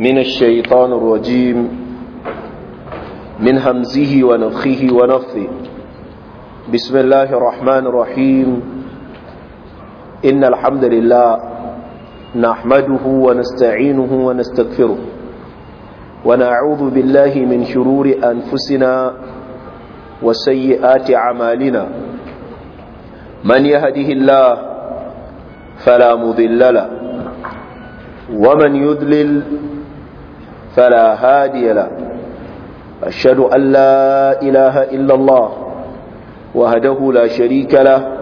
من الشيطان الرجيم من همزه ونفخه ونفثه بسم الله الرحمن الرحيم إن الحمد لله نحمده ونستعينه ونستغفره ونعوذ بالله من شرور أنفسنا وسيئات أعمالنا من يهده الله فلا مضلل له ومن يذلل فلا هادي له أشهد أن لا إله إلا الله وهده لا شريك له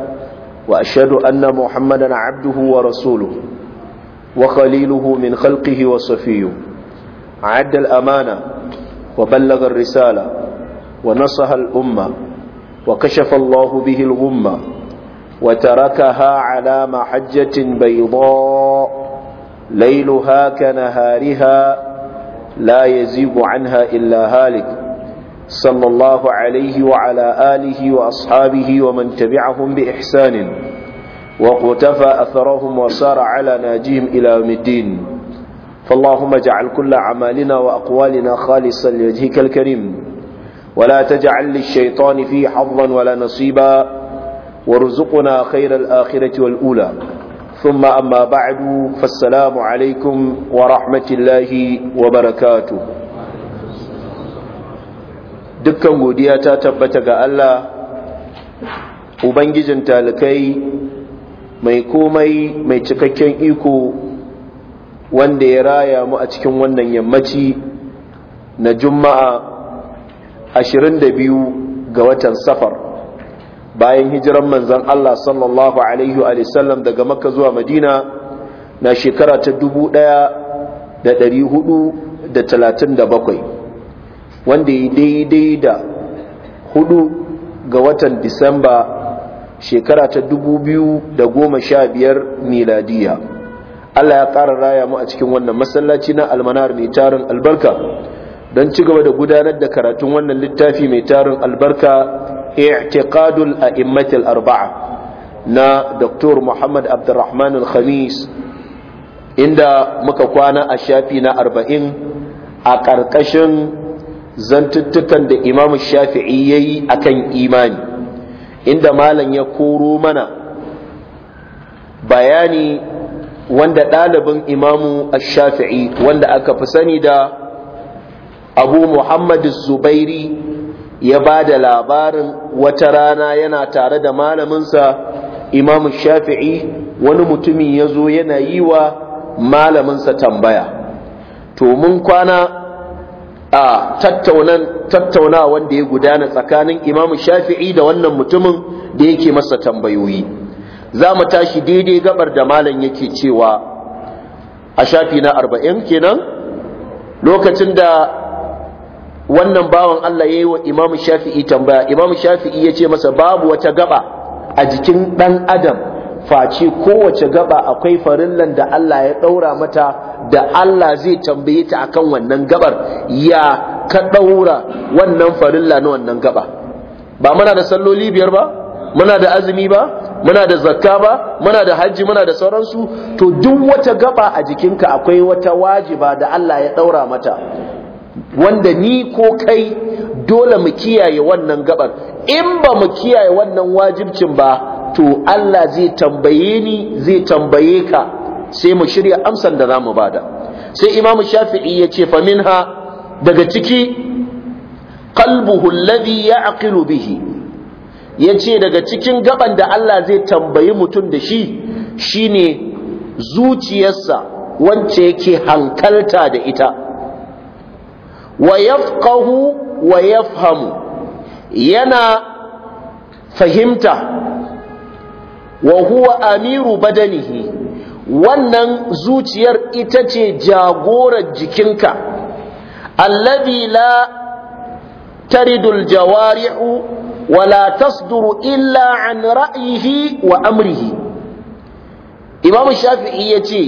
وأشهد أن محمدا عبده ورسوله وخليله من خلقه وصفيه عد الأمانة وبلغ الرسالة ونصح الأمة وكشف الله به الغمة وتركها على محجة بيضاء ليلها كنهارها لا يزيغ عنها إلا هالك صلى الله عليه وعلى آله وأصحابه ومن تبعهم بإحسان وقتفى أثرهم وسار على ناجهم إلى يوم الدين فاللهم اجعل كل أعمالنا وأقوالنا خالصا لوجهك الكريم ولا تجعل للشيطان فيه حظا ولا نصيبا وارزقنا خير الآخرة والأولى ثم أما بعد فالسلام عليكم ورحمة الله وبركاته دكا ودياتا تبتغى ألا وبنجزن تالكي ميكومي ميتككين إيكو wanda ya raya mu a cikin wannan yammaci na juma'a 22 ga watan safar bayan hijiran manzon Allah sallallahu alaihi wa sallam daga makka zuwa madina na shekara ta 1437 wanda ya daidai da hudu ga watan disamba shekara ta 2015 miladiya Allah ya ƙara raya mu a cikin wannan masallaci na almanar mai tarin albarka don ci gaba da gudanar da karatun wannan littafi mai tarin albarka a a'immatil arba'a na Dr. Muhammad Abdurrahman al-Khamis inda muka kwana a shafi na arba'in a ƙarƙashin zantuttukan da Imam Shafi'i yayi akan imani inda malam ya koro mana bayani wanda ɗalibin imam a shafi'i wanda aka fi sani da abu muhammad zubairi ya ba da labarin wata rana yana tare da malaminsa imam shafi'i wani mutumin ya zo yana yi wa malaminsa tambaya to mun kwana a tattauna wanda ya gudana tsakanin imam shafi'i da wannan mutumin da yake masa tambayoyi za mu tashi daidai gabar da malam yake cewa a shafi na arba'in kenan lokacin da wannan bawan Allah ya yi wa Imam Shafi'i tambaya Imam Shafi'i ya ce masa babu wata gaba a jikin dan adam face kowace gaba akwai farillan da Allah ya daura mata da Allah zai tambaye ta akan wannan gabar ya ka daura wannan farilla na wannan gaba ba muna da salloli biyar ba muna da azumi ba muna da zakka ba muna da hajji muna da sauransu to duk wata gaba a jikinka akwai wata wajiba da Allah ya ɗaura mata wanda ni ko kai dole mu kiyaye wannan gabar in ba mu kiyaye wannan wajibcin ba to Allah zai tambaye ni zai tambaye ka sai mu shirya amsan da za mu bada sai imamu shafi'i ya ce fa minha daga ciki qalbuhu alladhi ya'qilu bihi yace daga cikin gaban da Allah zai tambayi mutum da shi shine zuciyarsa wacce yake hankalta da ita wa yafqahu wa yafhamu yana fahimta wahuwa amiru badanihi wannan zuciyar ita ce jagorar jikinka allazi la taridul wa wala tasduru illa an ra'yihi wa amrihi imamu shafi'i yace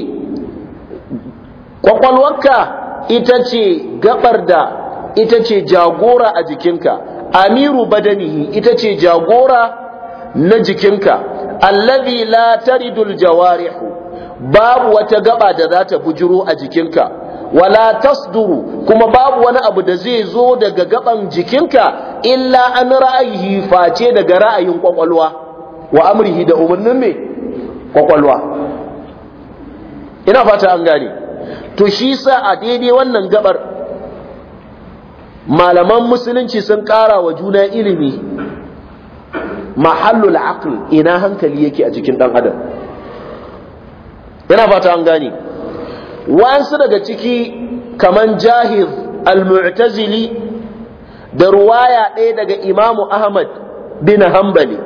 kwakwalwarka ita ce gabar da ita ce jagora a jikinka amiru badanihi ita ce jagora na jikinka allazi la taridul jawarihu babu wata gaba da za ta bujiro a jikinka wala tasduru kuma babu wani abu da zai zo daga gaban jikinka illa an ra'ayi face daga ra'ayin kwakwalwa wa amrihi da umarnin me kwakwalwa ina fata an gane to shi sa a daidai wannan gabar malaman musulunci sun ƙara wa juna ilimi mahallul aql ina hankali yake a cikin dan adam yana fata an gane wa'ansu daga ciki kaman jahir al-mu'tazili da ruwaya ɗaya daga imamu ahmad bin hanbali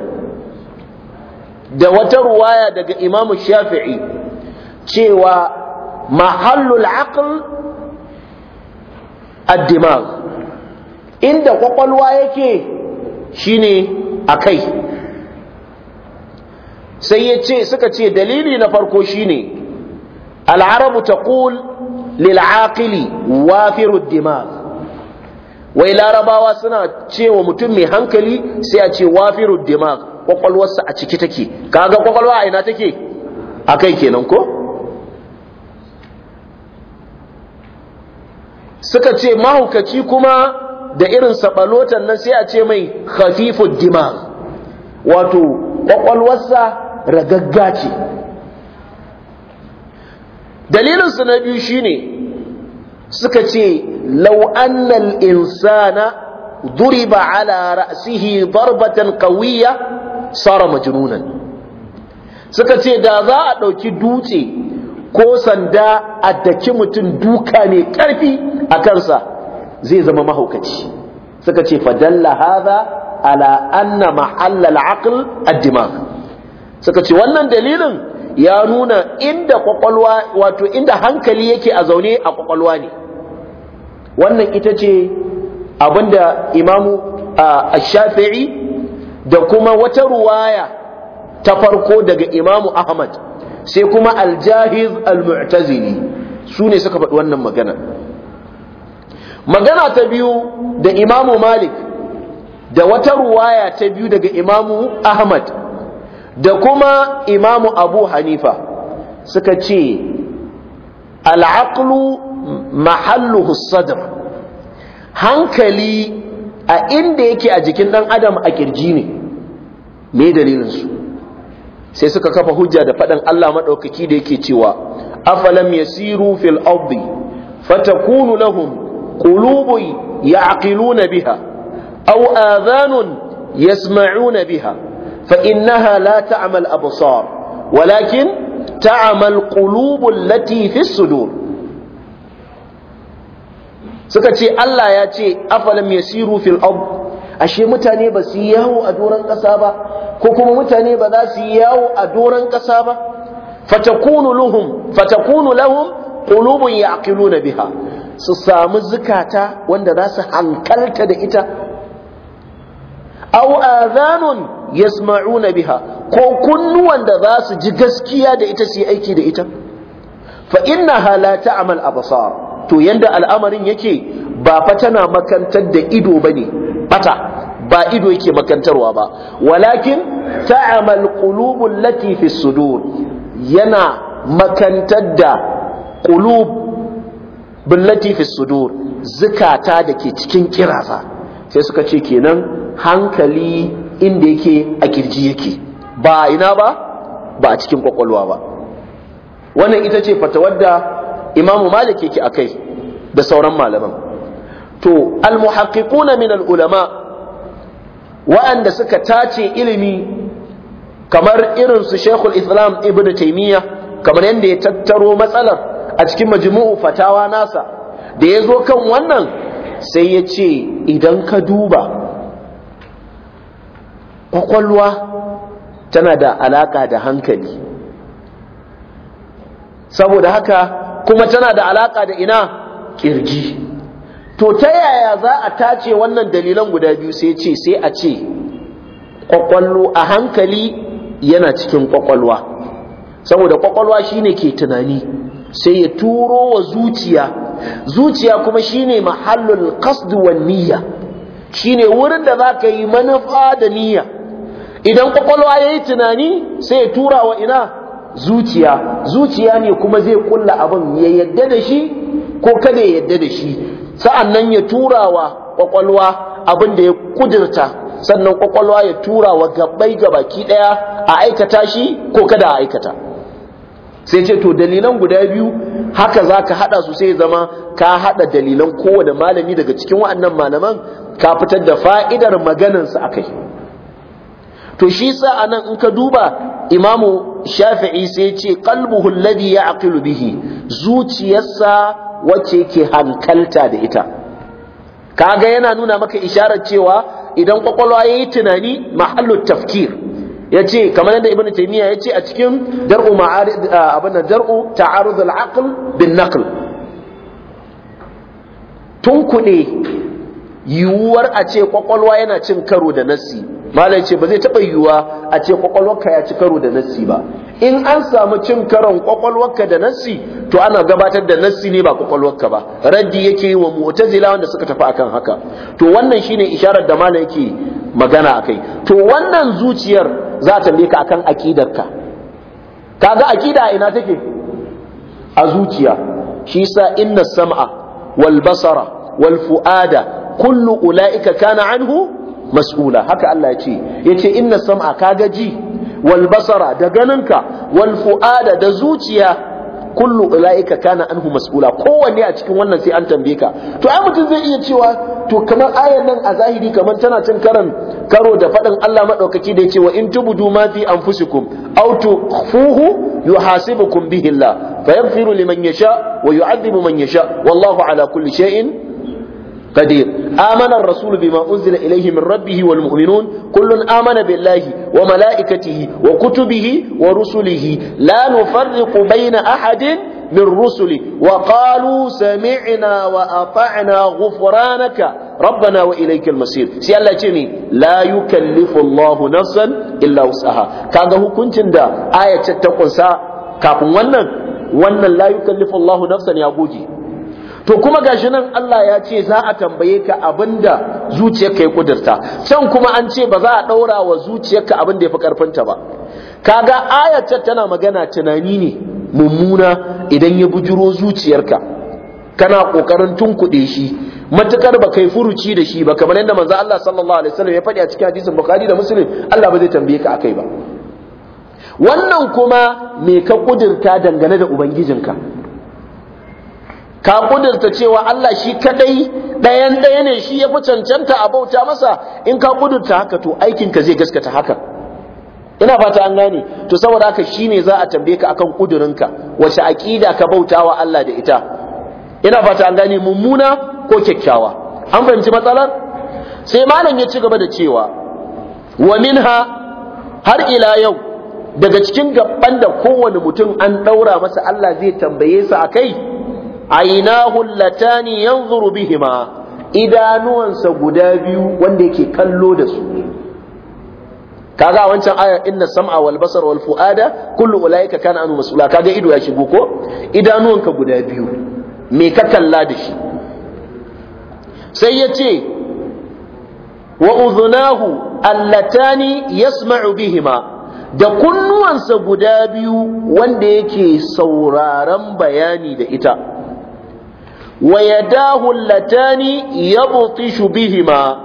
da wata ruwaya daga imamu shafi'i cewa mahallul aql ad-dimag inda kwakwalwa yake shine akai sai ya ce suka ce dalili na farko shine al'arabu taqul lil aqili wafiru ad-dimag wai larabawa suna cewa mutum mai hankali sai a ce wafiru ad-dimag kwakwalwarsa a ciki take kaga kwakwalwa a ina take akai kenan ko suka ce mahaukaci kuma da irin sabalotan nan sai a ce mai khafifud dimag wato kwakwalwarsa ragagga ce dalilinsu na biyu shine suka ce law annal insana duriba ala ra'sihi darbatan qawiyya sara majnunan suka ce da za a ɗauki dutse ko sanda a daki mutum duka ne ƙarfi a kansa zai zama mahaukaci suka ce fadalla haza ala anna mahalla al-aql ad suka ce wannan dalilin ya nuna inda kwakwalwa wato inda hankali yake a zaune a kwakwalwa ne wannan ita ce abinda imamu ash-shafi'i da kuma wata ruwaya ta farko daga imamu ahmad sai kuma aljahiz almu'tazili su ne suka faɗi wannan magana magana ta biyu da imamu malik da wata ruwaya ta biyu daga imamu ahmad da kuma imamu abu hanifa suka ce al'aqlu mahalluhu sadr hankali a inda yake a jikin ɗan adam a ƙirji ne me dalilinsu sai suka kafa hujja da faɗan Allah maɗaukaki da yake cewa afalam yasiru fil ardi fatakunu lahum qulubun ya'qiluna biha aw adhanun yasma'una biha fa innaha la ta'mal absar walakin ta'mal qulubu allati fis sudur suka ce Allah ya ce afalam yasiru fil ard ashe mutane ba su yi yawo a doron ƙasa ba ko kuma mutane ba za su yi yawo a doron ƙasa ba fatakunu lahum fatakunu lahum qulubun yaqiluna biha su samu zukata wanda za su hankalta da ita aw adhanun yasma'una biha ko kunnuwan da za su ji gaskiya da ita su yi aiki da ita fa innaha la ta'mal absar to yanda al'amarin yake ba fa tana makantar da ido bane bata ba ido yake makantarwa ba walakin ta'amal qulubul lati fi sudur yana makantar da qulub lati fi sudur zukata da ke cikin kirafa sai suka ce kenan hankali inda yake a kirji yake ba ina ba ba a cikin kwakwalwa ba wannan ita ce fatawar da imamu malik yake akai da sauran malaman to al-muhaqqiquna min al-ulama waɗanda suka tace ilimi kamar irin su Sheikhul Islam Ibn taimiyya, kamar yadda ya tattaro matsalar a cikin majmu'u fatawa nasa da ya zo kan wannan sai ya ce idan ka duba kwakwalwa tana da alaka da hankali saboda haka kuma tana da alaƙa da ina kirji to ta yaya za a tace wannan dalilan guda biyu sai ce sai a ce kwakwallo a hankali yana cikin kwakwalwa saboda kwakwalwa shine ke tunani sai ya turo wa zuciya zuciya kuma shine mahallul qasd wan niyya shine wurin da za ka yi manufa da niyya idan kwakwalwa yayi tunani sai ya tura wa ina zuciya zuciya ne kuma zai kulla abin ya yadda da shi ko kada ya yadda da shi sa'annan ya turawa kwakwalwa abin da ya kudirta sannan kwakwalwa ya tura turawa ga baki ɗaya a aikata shi ko kada a aikata sai ce to dalilan guda biyu haka za ka haɗa su sai zama ka haɗa dalilan kowane malami daga cikin wa'annan malaman ka fitar da fa'idar maganarsa a kai to shi sa’anan nan in ka duba imamu shafi'i sai ce qalbuhu alladhi ya'qilu bihi zuciyarsa wacce ke hankalta da ita kaga yana nuna maka isharar cewa idan kwakwalwa yayi tunani mahallu tafkir yace kamar yadda ibnu taymiya yace a cikin dar'u ma'arid abin dar'u ta'arud al-aql bin naql tunkuɗe yiwuwar a ce kwakwalwa yana cin karo da nasi. malai ce ba zai taɓa yiwuwa a ce kwakwalwarka ya ci karo da nassi ba in an samu cin karon kwakwalwarka da nassi to ana gabatar da nassi ne ba kwakwalwarka ba raddi yake yi wa mu'tazila wanda suka tafi akan haka to wannan shine isharar da malai yake magana akai to wannan zuciyar za ta leka akan aqidarka kaga akida ina take a zuciya shi yasa inna sam'a wal basara wal fu'ada kullu ula'ika kana anhu mas'ula haka Allah ya ce Ya ce inna sam'a ka gaji walbasara da ganinka walfu'ada da zuciya kullu ulaika kana anhu mas'ula kowanne a cikin wannan sai an tambaye ka to ai mutum zai iya cewa to kamar ayan nan a zahiri kamar tana cin karan karo da faɗin Allah madaukaki da yace wa in tubudu ma fi anfusikum aw tukhfuhu yuhasibukum bihi Allah fayaghfiru liman yasha wa yu'adhibu man yasha wallahu ala kulli shay'in قدير آمن الرسول بما أنزل إليه من ربه والمؤمنون كل آمن بالله وملائكته وكتبه ورسله لا نفرق بين أحد من رسله وقالوا سمعنا وأطعنا غفرانك ربنا وإليك المصير سي الله جميع لا يكلف الله نفسا إلا وسعها كذا هو كنت دا آية تتقنسا كابن ونن ونن لا يكلف الله نفسا يا بوجي to kuma gashi nan Allah ya ce za a tambaye ka abinda zuciyarka ya kudurta can kuma an ce ba za a daura wa zuciyarka abin da yafi karfinta ba kaga ayatar tana magana tunani ne mummuna idan ya bujuro zuciyarka kana kokarin tunkuɗe shi matukar ba kai furuci da shi ba kamar yadda manzo Allah sallallahu alaihi wasallam ya faɗi a cikin hadisin Bukhari da Muslim Allah ba zai tambaye ka akai ba wannan kuma me ka ƙudirta dangane da ubangijinka ka kudurta cewa Allah shi kadai ɗayan ɗaya ne shi ya fi cancanta a bauta masa in ka kudurta haka to aikinka zai gaskata haka ina fata an gane to saboda haka shine za a tambaye ka akan kudurinka wace aqida ka bauta wa Allah da ita ina fata an gane mummuna ko kyakkyawa an fahimci matsalar sai malam ya ci gaba da cewa wa minha har ila yau daga cikin gaban da kowane mutum an ɗaura masa Allah zai tambaye sa akai ainahu latani yanzuru bihima sa guda biyu wanda yake kallo da su kaga wancan aya inna sam'a wal basar wal fu'ada kullu ulaika kana anu mas'ula kaga ido ya shigo ko ka guda biyu me ka kalla da shi sai yace wa udhunahu allatani yasma'u bihima da kunnuwansa guda biyu wanda yake sauraron bayani da ita wa yadahu allatani yabtishu bihima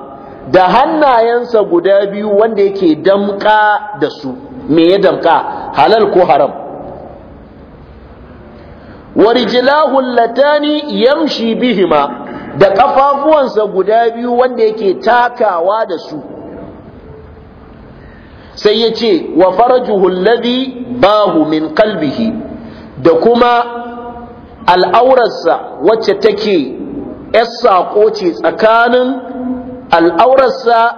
da hannayensa guda biyu wanda yake damka da su me ya damka halal ko haram wa rijlahu yamshi bihima da kafafuwansa guda biyu wanda yake takawa da su sai ya ce wa farajuhu alladhi bahu min qalbihi da kuma al'aurarsa wacce take ‘yar saƙo ce tsakanin al'aurarsa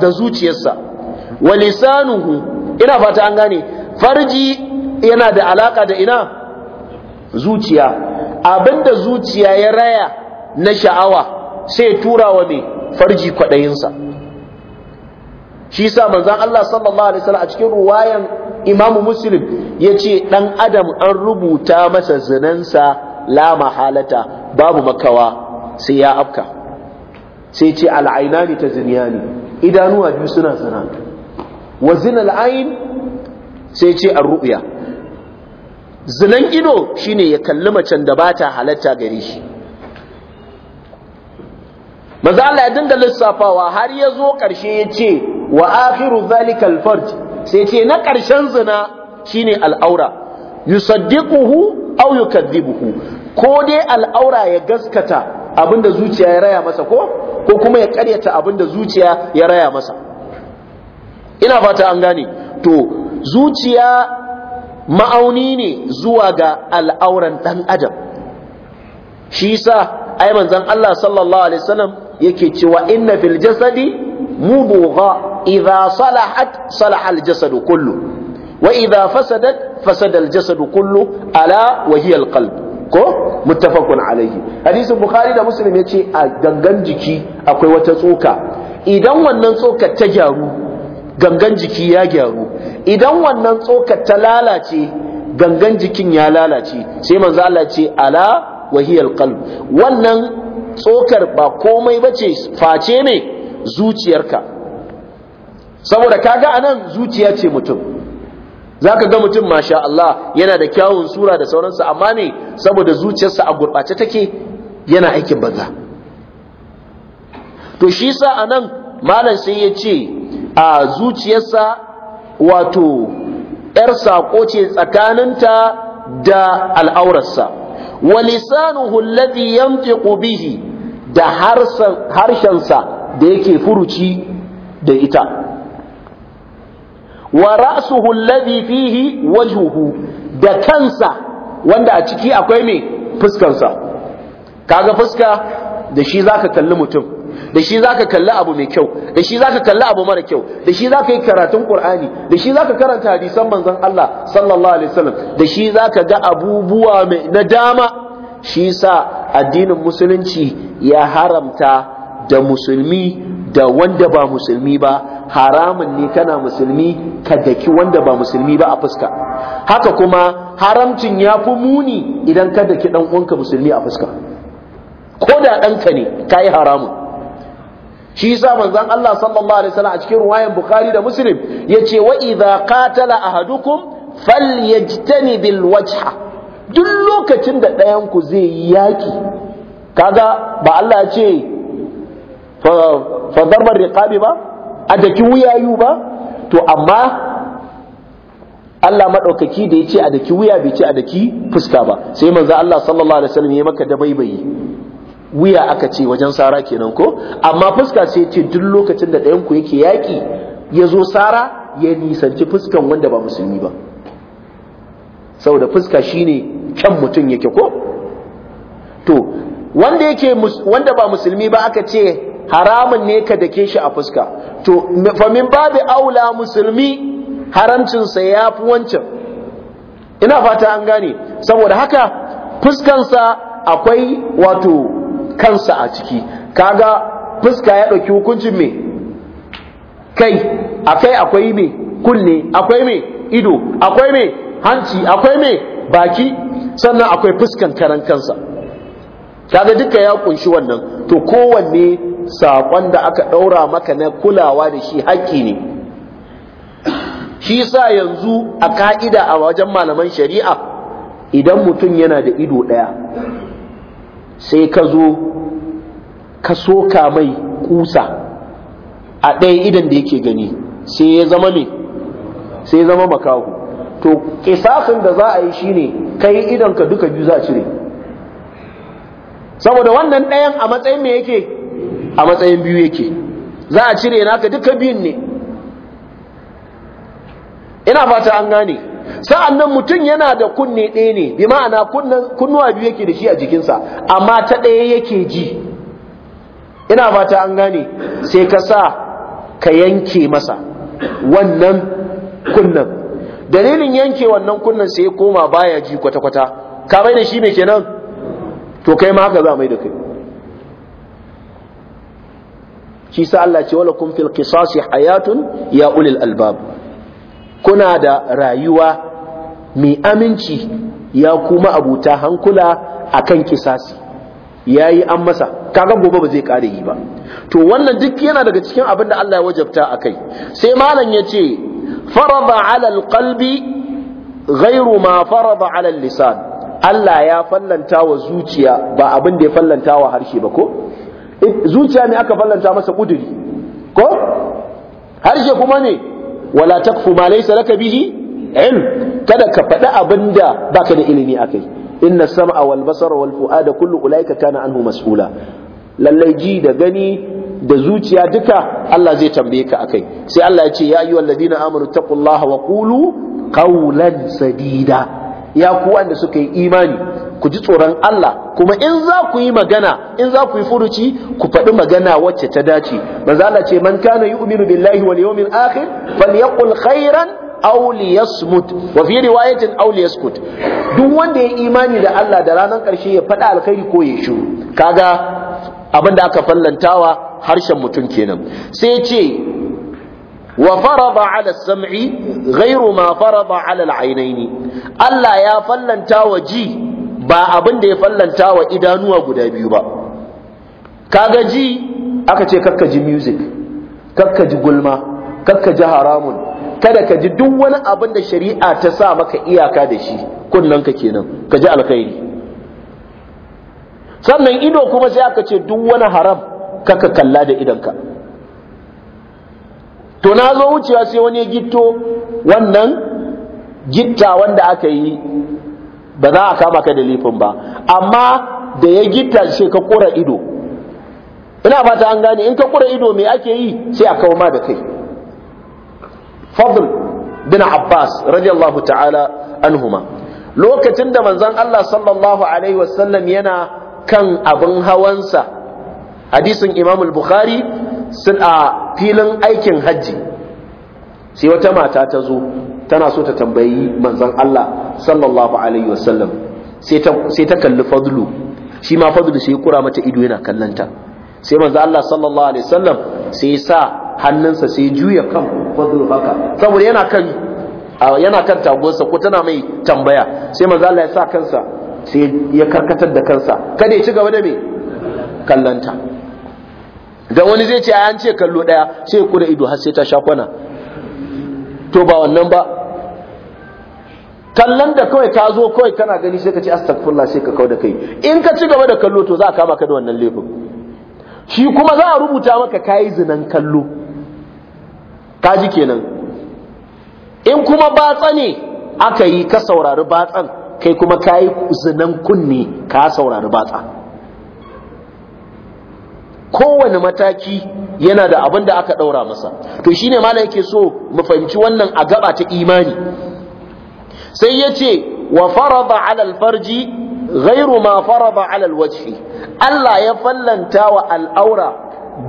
da zuciyarsa, walisanuhu ina fata an gane, farji yana da alaƙa da ina zuciya, abinda zuciya ya raya na sha'awa sai tura wa mai farji kwaɗayinsa. Shi sa manzan Allah sallallahu Alaihi wasallam a cikin ruwayan imamu muslim ya ce ɗan adam an rubuta masa zinansa la mahalata babu makawa sai ya afka sai ce al'aina ne ta ne idanuwa biyu suna zina wa zina al'ain sai ce an ruya zinan ido shine ya kalli macen da bata halatta gare shi maza Allah ya dinga lissafawa har ya zo ƙarshe ya ce wa akhiru zalika al sai ce na ƙarshen zina shine al'aura yusaddiquhu aw buhu ko dai al'aura ya gaskata abinda zuciya ya raya masa ko ko kuma ya karyata abinda zuciya ya raya masa ina fata an gane to zuciya ma'auni ne zuwa ga al'auran ɗan adam shi yasa ai manzon Allah sallallahu alaihi wasallam yake cewa inna fil jasadi boga? idza salahat salaha al-jasadu kullu wa idza fasadat fasada al-jasadu kullu ala wa hiya al-qalb ko muttafaqun alayhi hadisin bukhari da muslim yace a gangan jiki akwai wata tsoka idan wannan tsokar ta gyaru gangan jiki ya gyaru idan wannan tsokar ta lalace gangan jikin ya lalace sai manzo Allah ce ala wa hiya wannan tsokar ba komai bace face ne zuciyarka saboda kaga anan zuciya ce mutum zaka ga mutum masha Allah yana da kyawun sura da sauransu amma ne saboda zuciyarsa a gurɓace take yana aikin banza to shi sa anan malam sai ya ce a zuciyarsa wato ‘yar sako ce tsakaninta da al'aurarsa, wa lisanuhu alladhi yantiqu bihi da harshensa da yake furuci da ita. wa ra'suhu alladhi fihi wajhuhu da kansa wanda a ciki akwai me fuskansa kaga fuska da shi zaka kalli mutum da shi zaka kalli abu mai kyau da shi zaka kalli abu mara kyau da shi zaka yi karatun Qur'ani da shi zaka karanta hadisan manzon Allah sallallahu alaihi wasallam da shi zaka ga abubuwa mai na dama shi sa addinin musulunci ya haramta da musulmi da wanda ba musulmi ba haramun ne kana musulmi ka daki wanda ba musulmi ba a fuska haka kuma haramcin ya fi muni idan ka daki ɗan uwanka musulmi a fuska ko da ɗanka ne ka yi haramun shi yasa manzon Allah sallallahu alaihi wasallam a cikin ruwayan Bukhari da Muslim yace wa idza qatala ahadukum falyajtanibil wajha duk lokacin da ɗayan ku zai yi yaki kaga ba Allah ya ce fa darbar riqabi ba a daki wuyayu ba to amma Allah maɗaukaki da ya ce a daki wuya bai ce a daki fuska ba sai manzo Allah sallallahu alaihi wasallam ya maka da baibayi wuya aka ce wajen sara kenan ko amma fuska sai ya ce duk lokacin da ɗayan ku yake yaƙi ya zo sara ya nisanci fuskan wanda ba musulmi ba saboda fuska shine kan mutum yake ko to wanda yake wanda ba musulmi ba aka ce haramun ne ka dake shi a fuska to famin babu aula musulmi haramcinsa ya fi wancan ina fata an gane saboda haka fuskansa akwai wato kansa a ciki kaga fuska ya ɗauki hukuncin me kai akai akwai me kunne akwai me ido akwai me hanci akwai me baki sannan akwai fuskan karan kansa kaga duka ya kunshi wannan to kowanne saƙon da aka ɗaura maka na kulawa da shi haƙƙi ne shi sa yanzu a ka'ida a wajen malaman shari'a idan mutum yana da ido ɗaya sai ka zo ka soka mai kusa a ɗaya idan da yake gani sai ya zama ne sai ya zama makahu to ƙisafin da za a yi shi shine kai idan ka duka biyu za a cire saboda wannan ɗayan a matsayin me yake a matsayin biyu yake za a cire naka duka biyun ne ina fata an gane sa'annan mutum yana da kunne ɗaya ne bi ma'ana kunnuwa biyu yake da shi a jikinsa amma ta ɗaya yake ji ina fata an gane sai ka sa ka yanke masa wannan kunnan dalilin yanke wannan kunnan sai ya koma baya ji kwata-kwata ka da shi mai kenan to kai ma haka za mai da kai shi sa Allah ce wala kun fil qisasi hayatun ya ulil albab kuna da rayuwa mai aminci ya kuma abuta hankula akan kisasi yayi an masa kaga gobe ba zai kare yi ba to wannan duk yana daga cikin abin da Allah ya wajabta akai sai malam yace farada ala alqalbi ghairu ma farada ala lisan Allah ya fallanta wa zuciya ba abin da ya fallanta wa harshe ba ko zuciya ne aka ballanta masa kuduri ko harshe kuma ne wala takfu ma laysa laka bihi ilm kada ka faɗi abinda baka da ilimi akai inna sam'a wal basara wal fu'ada kullu ulaika kana anhu mas'ula lallai ji da gani da zuciya duka Allah zai tambaye ka akai sai Allah ya ce ya ayyuhal ladina amanu taqullaha wa qulu qawlan sadida ya ku wanda suka yi imani ku ji tsoron Allah kuma in za ku yi magana in za ku yi furuci ku faɗi magana wacce ta dace manzo Allah ce man kana yu'minu billahi wal yawmil akhir falyaqul khairan aw liyasmut wa fi riwayatin aw liyaskut duk wanda ya imani da Allah da ranar karshe ya faɗa alkhairi ko ya shiru kaga abinda aka fallantawa harshen mutum kenan sai ce وفرض على السمع غير ما فرض على العينين ألا يا فلن تاوجي ba abin da ya fallanta wa idanuwa guda biyu ba kaga ji aka ce kakka ji music kakka ji gulma kakka ji haramun kada ka ji duk wani abin da shari'a ta sa maka iyaka da shi ka kenan ka ji alkhairi sannan ido kuma sai aka ce duk wani haram kaka kalla da idanka to na zo wucewa sai wani ya gitto wannan gitta wanda aka yi ba za a kama ka da lifin ba amma da ya gita sai ka kura ido ina fata an gane in ka kura ido me ake yi sai a kawo ma da kai fadl bin abbas radiyallahu ta'ala anhuma lokacin da manzon Allah sallallahu alaihi wasallam yana kan abin hawansa hadisin imam al-bukhari sun a filin aikin hajji sai wata mata ta zo tana so ta tambayi manzon Allah sallallahu alaihi wasallam sai ta sai ta kalli fadlu shi ma fadlu sai kura mata ido yana kallanta sai manzon Allah sallallahu alaihi wasallam sai ya sa hannunsa sai juya kan fadlu haka saboda yana kan yana kan tagonsa ko tana mai tambaya sai manzon Allah ya sa kansa sai ya karkatar da kansa kada ya ci gaba da me kallanta dan wani zai ce ai an ce kallo daya sai ya kura ido har sai ta sha to ba wannan ba kallon da kawai ka zo kawai kana gani sai ka ce astagfirullah sai ka kau da kai in ka ci gaba da kallo to za a kama ka da wannan laifin shi kuma za a rubuta maka kayi zinan kallo kaji kenan in kuma batsa ne aka yi ka saurari batsan kai kuma kayi zinan kunne ka saurari batsa kowane mataki yana da abin da aka ɗaura masa to shine malam yake so mu fahimci wannan a gaba ta imani sai ya ce wa faraba ala farji, ghairu ma farada ala alwajhi Allah ya fallanta wa al'aura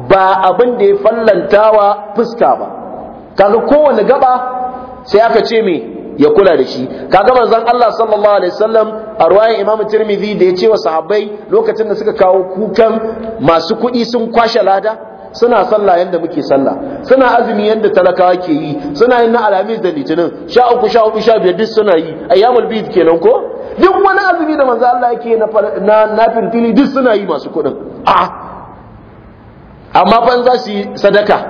ba abin da ya fallanta wa fuska ba kaga kowane gaba sai aka ce me ya kula da shi kaga manzon Allah sallallahu alaihi wasallam a ruwayan Imam Tirmidhi da ya ce wa sahabbai lokacin da suka kawo kukan masu kuɗi sun kwashe lada suna sallah yanda muke sallah suna azumi yanda talakawa ke yi suna yin na alamis da litinin sha uku sha uku sha biyar duk suna yi ayyamul bid kenan ko duk wani azumi da manzo Allah yake na na fintili duk suna yi masu kuɗin a amma ban za su yi sadaka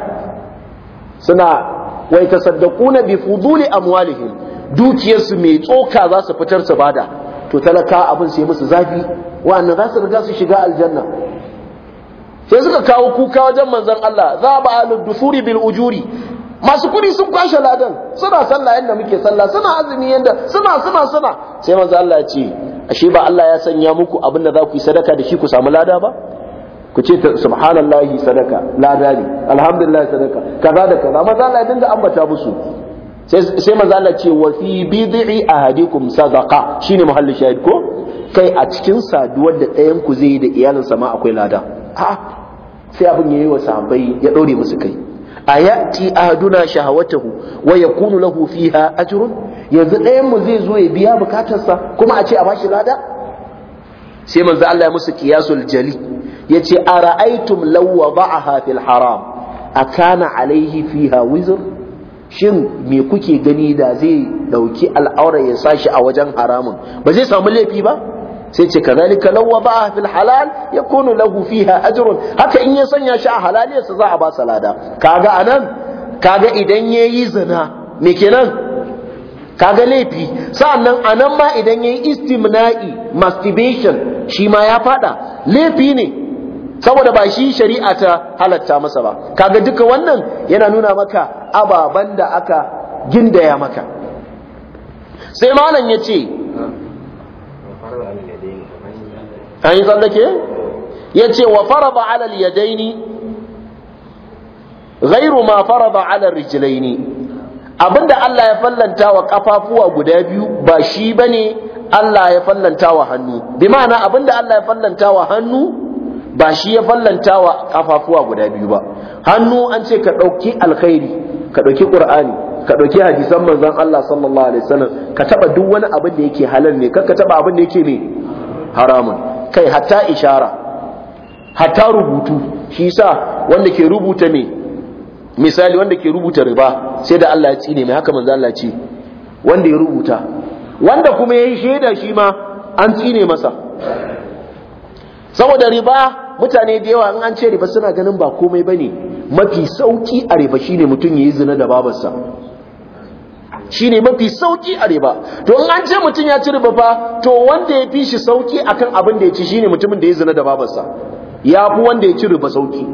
suna wai tasaddaquna bi fuduli amwalihim dukiyarsu mai tsoka za su fitar su bada to talaka abin sai musu zafi wa'annan za su riga su shiga aljanna sai suka kawo kuka wajen manzan Allah za ba alud dufuri bil ujuri masu kudi sun kwashe ladan suna sallah yanda muke sallah suna azumi yanda suna suna suna sai manzon Allah ya ce ashe ba Allah ya sanya muku abin da za ku yi sadaka da shi ku samu lada ba ku ce subhanallahi sadaka lada ne alhamdulillah sadaka kaza da kaza manzon Allah ya dinga ambata musu sai maza Allah ce wa fi bid'i ahadikum sadaqa shine muhalli shahid ko kai a cikin saduwar da ɗayan ku zai yi da iyalin ma akwai lada a sai abin yayi wa sahabbai ya dore musu kai a ayati ahaduna shahawatahu wa yakunu lahu fiha ajrun yanzu ɗayan mu zai zo ya biya bukatarsa kuma a ce a bashi lada sai manzo Allah ya musu qiyasul jali yace ara'aytum law a fil haram A akana alaihi fiha wizr shin me kuke gani da zai dauki al'aura ya sashi a wajen haramun ba zai samu laifi ba sai ce kazalika law wada'a fil halal yakunu lahu fiha ajrun haka in ya sanya shi a halaliyarsa za a ba salada. lada kaga anan kaga idan yayi zina me kenan kaga laifi sa'annan anan ma idan yayi istimna'i masturbation shi ma ya fada laifi ne saboda ba shi shari'a ta halatta masa ba kaga duka wannan yana nuna maka ababan da aka gindaya maka sai malam ya ce an yi ya ce wa faraba alal yadaini ghairu ma faraba alal rijilaini abinda Allah ya fallanta wa kafafuwa guda biyu ba shi bane Allah ya fallanta wa hannu bi ma'ana abinda Allah ya fallanta wa hannu ba shi ya fallanta wa kafafuwa guda biyu ba hannu an ce ka ɗauki alkhairi ka ɗauki Ƙur'ani, ka ɗauki hadisan manzon Allah sallallahu alaihi wasallam ka taba duk wani abin da yake halal ne kar ka taba abin da yake ne haramun kai hatta ishara hatta rubutu shi yasa wanda ke rubuta ne misali wanda ke rubuta riba sai da Allah ya tsine mai haka manzon Allah ce wanda ya rubuta wanda kuma yayi shaida shi ma an tsine masa saboda riba mutane da yawa in an ce riba suna ganin ba komai bane mafi sauki a riba shine mutum yayi zina da babarsa shine mafi sauki a riba to in an ce mutum ya ci riba fa to wanda ya fi shi sauki akan abin da ya ci shine mutumin da ya zina da babarsa ya fi wanda ya ci riba sauki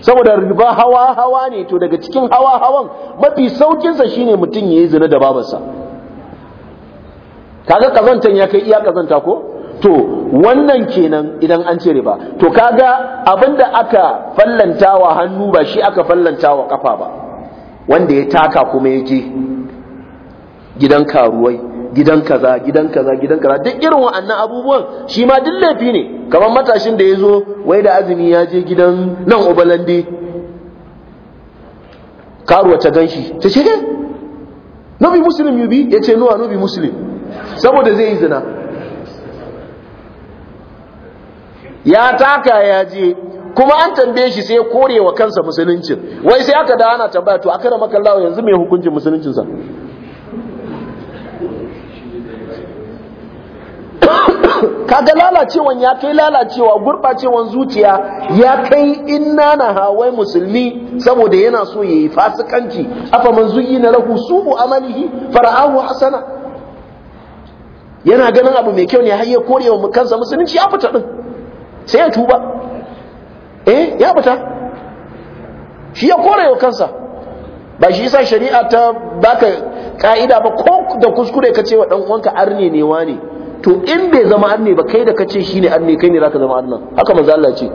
saboda riba hawa hawa ne to daga cikin hawa hawan mafi saukinsa shine mutum ya yi zina da babarsa kaga kazantan ya kai iya kazanta ko to wannan kenan idan an ce riba to kaga abinda aka fallanta wa hannu ba shi aka fallanta wa kafa ba wanda ya taka kuma ya je gidan karuwai gidan kaza gidan kaza gidan kaza duk irin wa'annan abubuwan shi ma duk laifi ne kamar matashin da ya zo wai da azumi ya je gidan nan obalande karuwa ta ganshi ta ce eh, no muslim yubi ya ce no nobi musulun? saboda zai yi zina ya taka ya je kuma an tambaye shi sai ya kore wa kansa musuluncin wai sai aka da ana tambaya to akara makallawa yanzu mai hukuncin musuluncinsa kaga lalacewan ya kai lalacewa gurɓacewan zuciya ya kai inna na hawai musulmi saboda yana so ya yi fasikanci afa man na lahu su'u amalihi fara'ahu hasana yana ganin abu mai kyau ne har ya korewa kansa musulunci ya fita din sai ya tuba eh ya fita shi ya kore yau kansa ba shi yasa shari'a ta baka ka'ida ba ko da kuskure ka ce wa dan uwanka arne ne wane to in bai zama arne ba kai da ka ce shine arne kai ne zaka zama arnan haka manzo Allah ce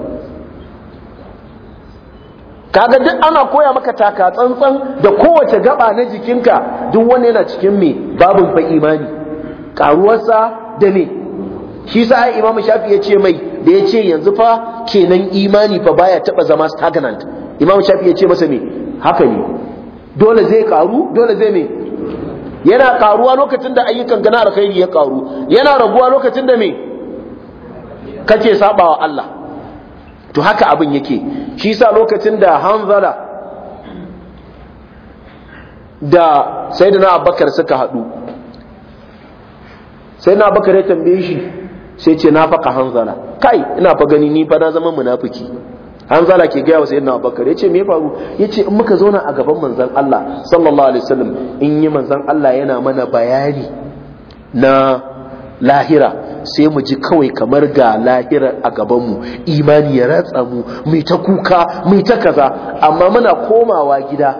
kaga duk ana koya maka taka tsantsan da kowace gaba na jikinka duk wanda yana cikin me babin fa imani karuwarsa da me shi sa imamu shafi ya ce mai da ya ce yanzu fa kenan imani fa baya taba zama stagnant imam shafi ya ce masa me haka ne dole zai karu dole zai me yana karuwa lokacin da ayyukan gana alkhairi ya karu yana raguwa lokacin da me kace sabawa Allah to haka abin yake shi yasa lokacin da hanzala da sayyidina abubakar suka hadu sayyidina abubakar ya tambaye shi sai ce na faka hanzala kai ina fa gani ni fa na zama munafiki hanzala ke gaya wa sayyidina abubakar yace me faru yace in muka zauna a gaban manzon Allah sallallahu alaihi wasallam in yi manzan Allah yana mana bayani na lahira sai mu ji kawai kamar ga lahira a gabanmu imani ya ratsa mu mai ta kuka mai ta kaza amma muna komawa gida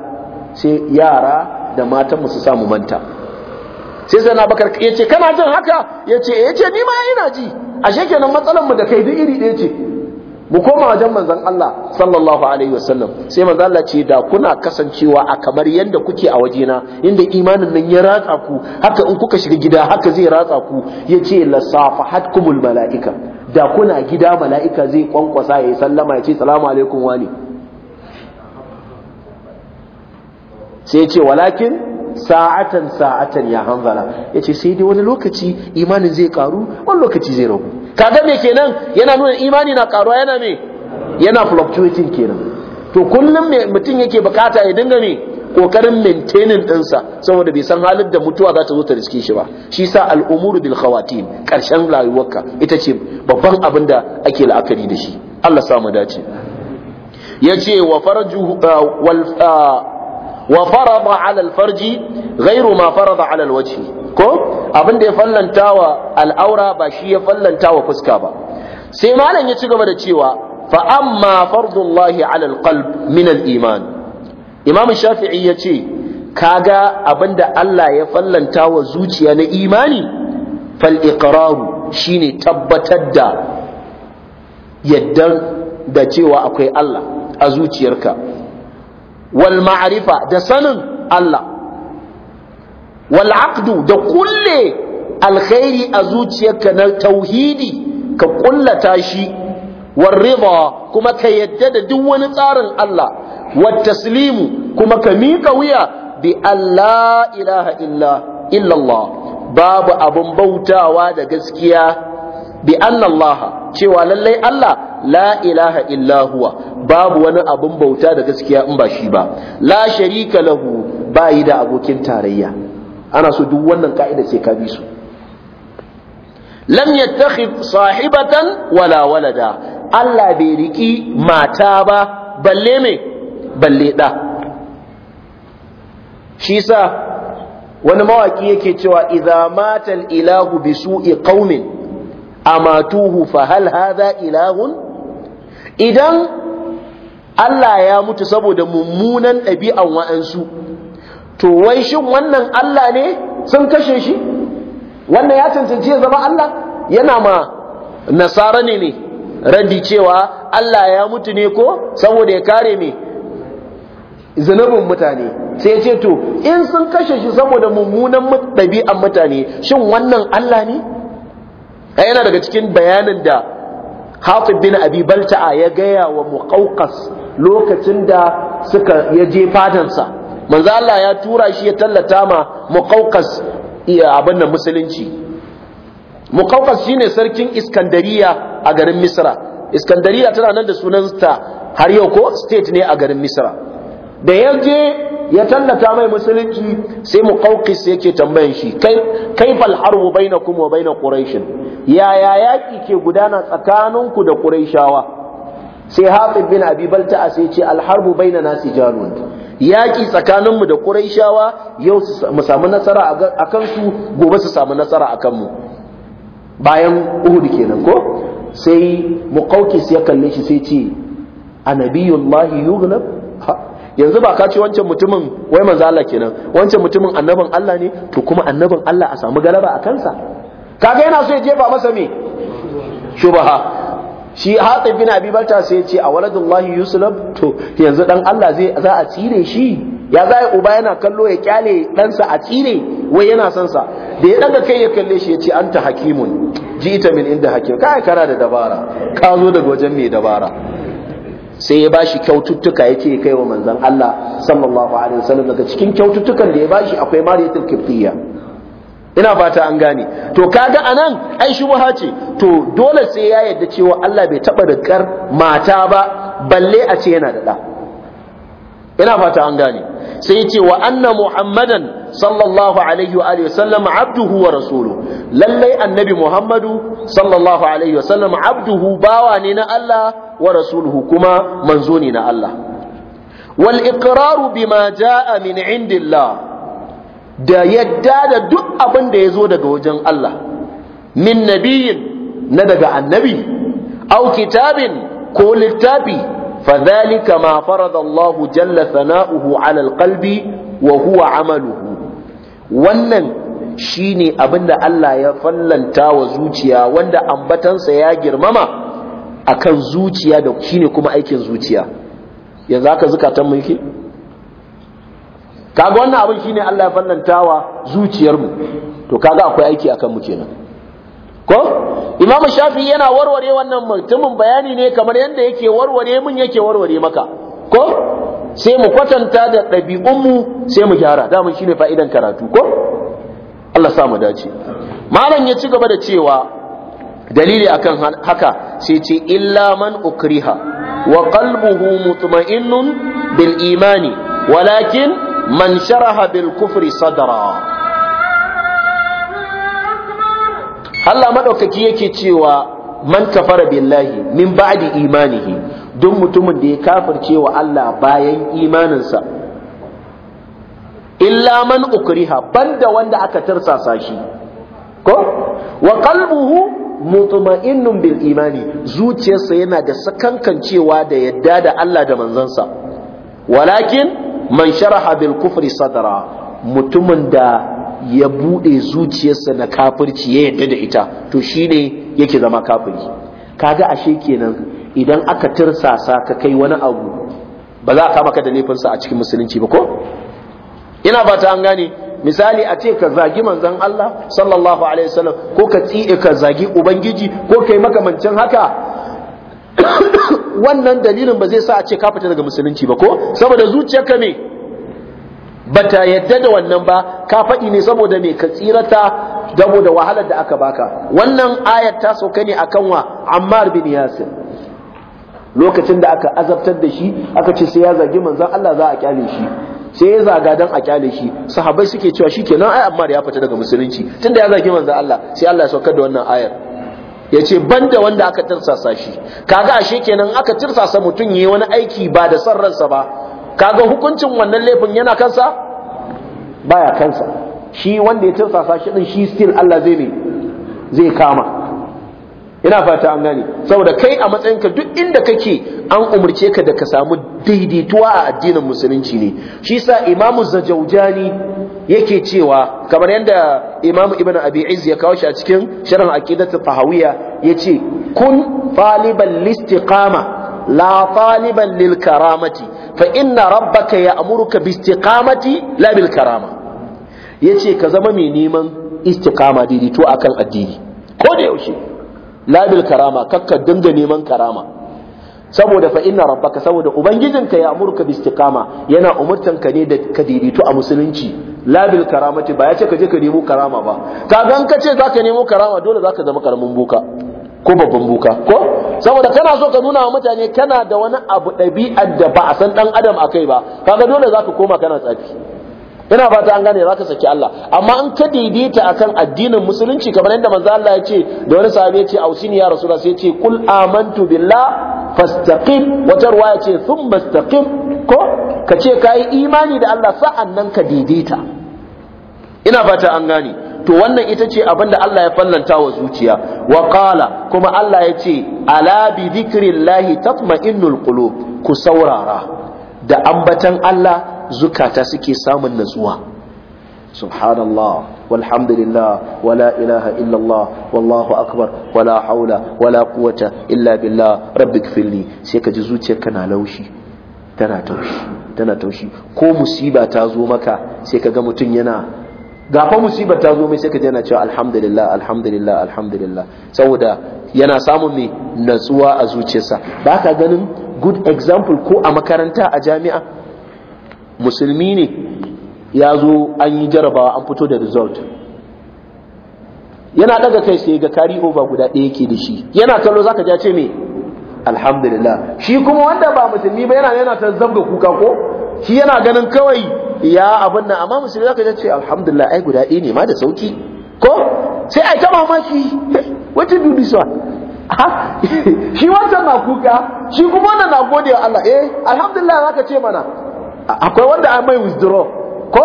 sai yara da matanmu su samu manta sai sai na bakar ya ce kana jin haka ya ce eh, ya ce ni ma ina ji ashe kenan matsalar mu da kai duk iri ɗaya ce mu koma wajen manzan Allah sallallahu alaihi wasallam sai manzon ce da kuna kasancewa a kamar yadda kuke a wajena inda imanin nan ya ratsa ku haka in kuka shiga gida haka zai ratsa ku yace la safahatkumul malaika da kuna gida malaika zai kwankwasa yayi sallama ce salamu alaikum wani sai ya ce walakin sa'atan sa'atan ya hanzala yace sai dai wani lokaci imanin zai karu wani lokaci zai ragu kaga me kenan yana nuna imani na karuwa yana me yana fluctuating kenan to kullum me mutum yake bukata ya dinga me kokarin maintaining dinsa saboda bai san halin da mutuwa za ta zo ta riske shi ba shi sa al'umuru bil khawatin karshen rayuwarka ita ce babban abin da ake la'akari da shi Allah sa mu dace yace wa faraju uh, wal uh, wa farada ala alfarji ghairu ma farada ala alwajhi ko abin da ya fallanta wa al'aura ba shi ya fallanta wa fuska ba sai malam ya ci gaba da cewa fa amma fardullahi ala alqalb min aliman imam shafi'i ya ce kaga abinda Allah ya fallanta wa zuciya na imani fal iqraru shine tabbatar da yaddan da cewa akwai Allah a zuciyarka wal ma'rifa da sanin Allah wal aqdu da kulle alkhairi a zuciyarka na tauhidi ka kullata shi war rida kuma ka yadda da duk wani tsarin Allah wat taslimu kuma ka miƙa wuya bi Allah illa illallah babu abin bautawa da gaskiya bi annallaha cewa lallai Allah la ilaha illa babu wani abun bauta da gaskiya in ba shi ba la sharika lahu ba yi da abokin tarayya ana so duk wannan ka'ida sai ka bi su lam yattakhid sahibatan wala walada Allah bai riki mata ba balle me balle da shi sa wani mawaki yake cewa idza matal ilahu bi su'i qaumin amatuhu fa hal hadha ilahun idan Allah ya mutu saboda mummunan ɗabi'an wa'ansu to wai shin wannan Allah ne sun kashe shi wannan ya cancanci ya zama Allah yana ma nasara ne ne radi cewa Allah ya mutu ne ko saboda ya kare me zunubin mutane sai ya ce to in sun kashe shi saboda mummunan ɗabi'an mutane shin wannan Allah ne yana daga cikin bayanin da Hatib bin Abi Balta'a ya gaya wa Muqawqas lokacin da suka ya je fatansa manzo Allah ya tura shi ya tallata ma Muqawqas abin nan musulunci Muqawqas shine sarkin Iskandariya a garin Misra Iskandariya tana nan da sunanta har yau ko state ne a garin Misra da yaje ya tallata mai musulunci sai mu kaukis yake tambayan shi kai kaifal harbu bainakum wa bain quraish yaya yaki ke gudana tsakaninku da quraishawa sai hatib bin abi balta sai ce al harbu bainana sijalun yaki tsakaninmu da quraishawa yau mu samu nasara akan su gobe su samu nasara akan mu bayan uhud kenan ko sai mu kaukis ya kalle shi sai ce anabiyullahi yughlab yanzu ba ka ce wancan mutumin wai manzo Allah kenan wancan mutumin annaban Allah ne to kuma annaban Allah a samu galaba a kansa kaga yana so ya jefa masa me shubaha shi Hatib bin abi balta sai ya ce a waladullahi yuslab to yanzu dan Allah zai za a tsire shi ya za uba yana kallo ya kyale ɗansa a tsire wai yana son sa da ya daga kai ya kalle shi ya ce anta hakimun ita min inda hakim kai kara da dabara ka zo daga wajen mai dabara sai ya bashi kyaututtuka ya ce kai wa manzon Allah sallallahu alaihi wasallam daga cikin kyaututtukan da ya bashi akwai mariyatul kiftiya ina fata an gane to kaga anan ai shubha ce to dole sai ya yadda cewa Allah bai taba rikar mata ba balle a ce yana da da ina fata an gane sai ce wa anna muhammadan sallallahu alaihi wa sallam abduhu wa rasuluhu lallai annabi muhammadu sallallahu alaihi wa sallam abduhu bawa ne na Allah wa rasuluhu kuma manzo ne na Allah wal iqraru bima jaa min indillah da yadda da duk abin da yazo daga wajen Allah min nabiyin na daga annabi aw kitabin ko littafi فذلك ما فرض jalla sana'uhu ثناؤه على القلب وهو عمله wannan shine abinda Allah ya fallanta wa zuciya wanda ambatansa ya girmama akan zuciya da shine kuma aikin zuciya yanzu haka zukatan mulki kaga wannan abin shine Allah ya fallantawa zuciyarmu to kaga akwai aiki akan mu kenan ko Imam Shafi yana warware wannan mutumin bayani ne kamar yadda yake warware mun yake warware maka ko sai mu kwatanta da ɗabi'unmu sai mu gyara Da mun shine fa'idan karatu ko Allah sa mu dace malam ya ci gaba da cewa dalili akan haka sai ce illa man ukriha wa qalbuhu mutma'innun bil imani walakin man sharaha bil kufri sadra Allah madaukaki yake cewa man kafara billahi min ba'di imanihi duk mutumin da ya kafirce wa Allah bayan imaninsa illa man ukriha banda wanda aka tarsasa shi ko wa qalbuhu mutuma'innun bil imani zuciyarsa yana da sakankancewa da yadda da Allah da manzansa walakin man sharaha bil kufri sadra mutumin da ya bude zuciyarsa na kafirci ya yadda da ita to shine yake zama kafiri kaga ashe kenan idan aka tirsasa ka kai wani abu ba za a kama ka da laifinsa a cikin musulunci ba ko ina ba an gane misali a ce ka zagi manzon Allah sallallahu alaihi wasallam ko ka tsi ka zagi ubangiji ko kai makamancin haka wannan dalilin ba zai sa a ce ka fita daga musulunci ba ko saboda zuciyarka me bata yadda da wannan ba ka faɗi ne saboda me ka tsirata da wahalar da aka baka wannan ayat ta sauka ne akan wa Ammar bin Yasir lokacin da aka azabtar da shi aka ce sai ya zagi manzon Allah za a kyale shi sai ya zaga dan a kyale shi sahabbai suke cewa shikenan ai Ammar ya fita daga musulunci tunda ya zagi manzo Allah sai Allah ya saukar da wannan ayar ya ce banda wanda aka tirsasa shi kaga ashe kenan aka tirsasa mutum yayi wani aiki ba da san ransa ba kaga hukuncin wannan laifin yana kansa baya kansa shi wanda ya tirsasa shi din shi still Allah zai ne zai kama ina fata an gane saboda kai a matsayinka duk inda kake an umarce ka da ka samu daidaituwa a addinin musulunci ne shi sa imamu zajaujani yake cewa kamar yadda imamu ibn abi iz ya kawo shi a cikin sharh aqidatu tahawiyya yace kun taliban listiqama la taliban lil karamati fa inna rabbaka ya'muruka bi istiqamati la bil karama yace ka zama mai neman istiqama daidaito akan addini ko da yaushe labil karama kakka dinga neman karama saboda fa inna rabbaka saboda ubangijinka ya amurka bi istiqama yana ka ne da ka daidaito a musulunci labil karamati ba ya ce ka je ka nemo karama ba kaga an ka ce zaka nemo karama dole zaka zama karamin buka ko babban buka ko saboda kana so ka nuna wa mutane kana da wani abu ɗabi'a da ba a san dan adam akai ba kaga dole zaka koma kana tsafi ina fata an gane ka saki Allah amma in ka daidaita akan addinin musulunci kamar yadda manzo Allah ya ce da wani sahabi ya ce ausini ya rasulullah sai ya ce kul'amantu amantu billah fastaqim wata ya ce thumma istaqim ko ka ce kai imani da Allah sa'annan ka daidaita ina fata an gane to wannan ita ce abin da Allah ya fallanta wa zuciya wa qala kuma Allah ya ce ala bi dhikrillahi tatma'innul qulub ku saurara da ambatan Allah zukata suke samun natsuwa subhanallah walhamdulillah wala ilaha illallah wallahu akbar wala haula wala quwwata illa billah rabbik filli sai ka ji zuciyarka na laushi tana taushi tana taushi ko musiba ta zo maka sai ka ga mutum yana gafa musibar ta zo mai sai ka yana cewa alhamdulillah alhamdulillah alhamdulillah saboda yana samun mai natsuwa a zuciyarsa ba ka ganin good example ko a makaranta a jami'a musulmi ne ya zo an yi jarabawa an fito da result yana daga kai sai ga kari over guda ɗaya yake da shi yana kallo zaka ja ce me alhamdulillah shi kuma wanda ba musulmi ba yana yana ta zabga kuka ko shi yana ganin kawai ya abin nan amma musulmi zaka ja ce alhamdulillah ai guda ɗaya ne ma da sauki ko sai ai ta mamaki what do this one shi wancan na kuka shi kuma wannan na gode wa Allah eh alhamdulillah zaka ce mana akwai wanda an mai withdraw ko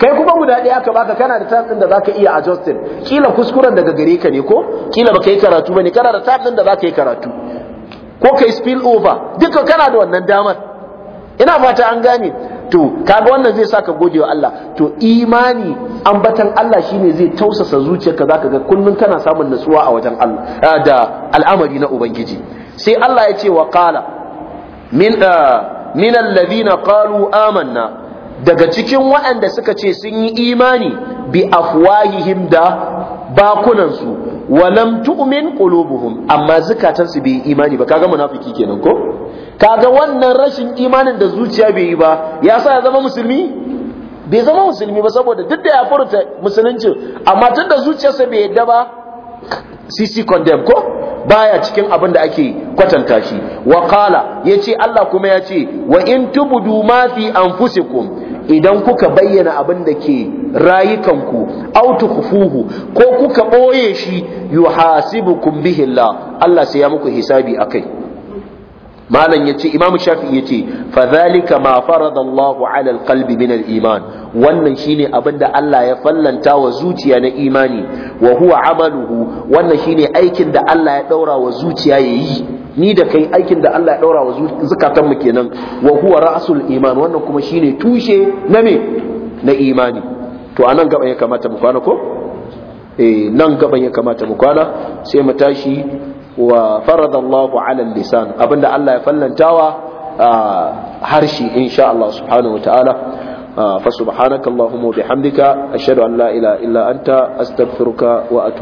kai kuma guda ɗaya aka baka kana da time din da zaka iya adjusting kila kuskuren daga gare ka ne ko kila baka yi karatu bane kana da time din da zaka yi karatu ko kai spill over duka kana da wannan damar ina fata an gane to kaga wannan zai saka godewa Allah to imani ambatan Allah shine zai tausasa zuciyarka zaka ga kullun kana samun nutsuwa a wajen Allah da al'amari na ubangiji sai Allah ya ce wa qala min ah, من الذين قالوا amanna daga cikin waɗanda suka ce sun yi imani bi afwahihim da bakunansu walam tu'min qulubuhum amma zukatansu bai imani ba kaga munafiki kenan ko kaga wannan rashin imanin da zuciya bai yi ba ya sa ya zama musulmi bai zama musulmi ba saboda duk da ya furta musulunci amma tun zuciyarsa bai yadda ba sisi condemn ko baya cikin abin da ake kwatanta shi wa qala yace Allah kuma yace wa in tubudu ma fi anfusikum idan kuka bayyana abin da ke rayukanku aw tukhfuhu ko kuka boye shi yuhasibukum bihi Allah Allah sai ya muku hisabi akai malam yace imamu Shafi yace fa zalika ma farada Allah ala alqalbi min aliman wannan shine abinda Allah ya fallanta wa zuciya na imani wa huwa amaluhu wannan shine aikin da Allah ya daura wa zuciya yayi ni da kai aikin da Allah ya daura wa zukatan mu kenan wa huwa ra'sul iman wannan kuma shine tushe na me na imani to anan gaban ya kamata mu kwana ko eh nan gaban ya kamata mu kwana sai mu tashi wa faradallahu ala lisan abinda Allah ya fallantawa harshe insha Allah subhanahu wataala fa subhanakallahumma wa bihamdika ashhadu an la ilaha illa anta astaghfiruka wa atubu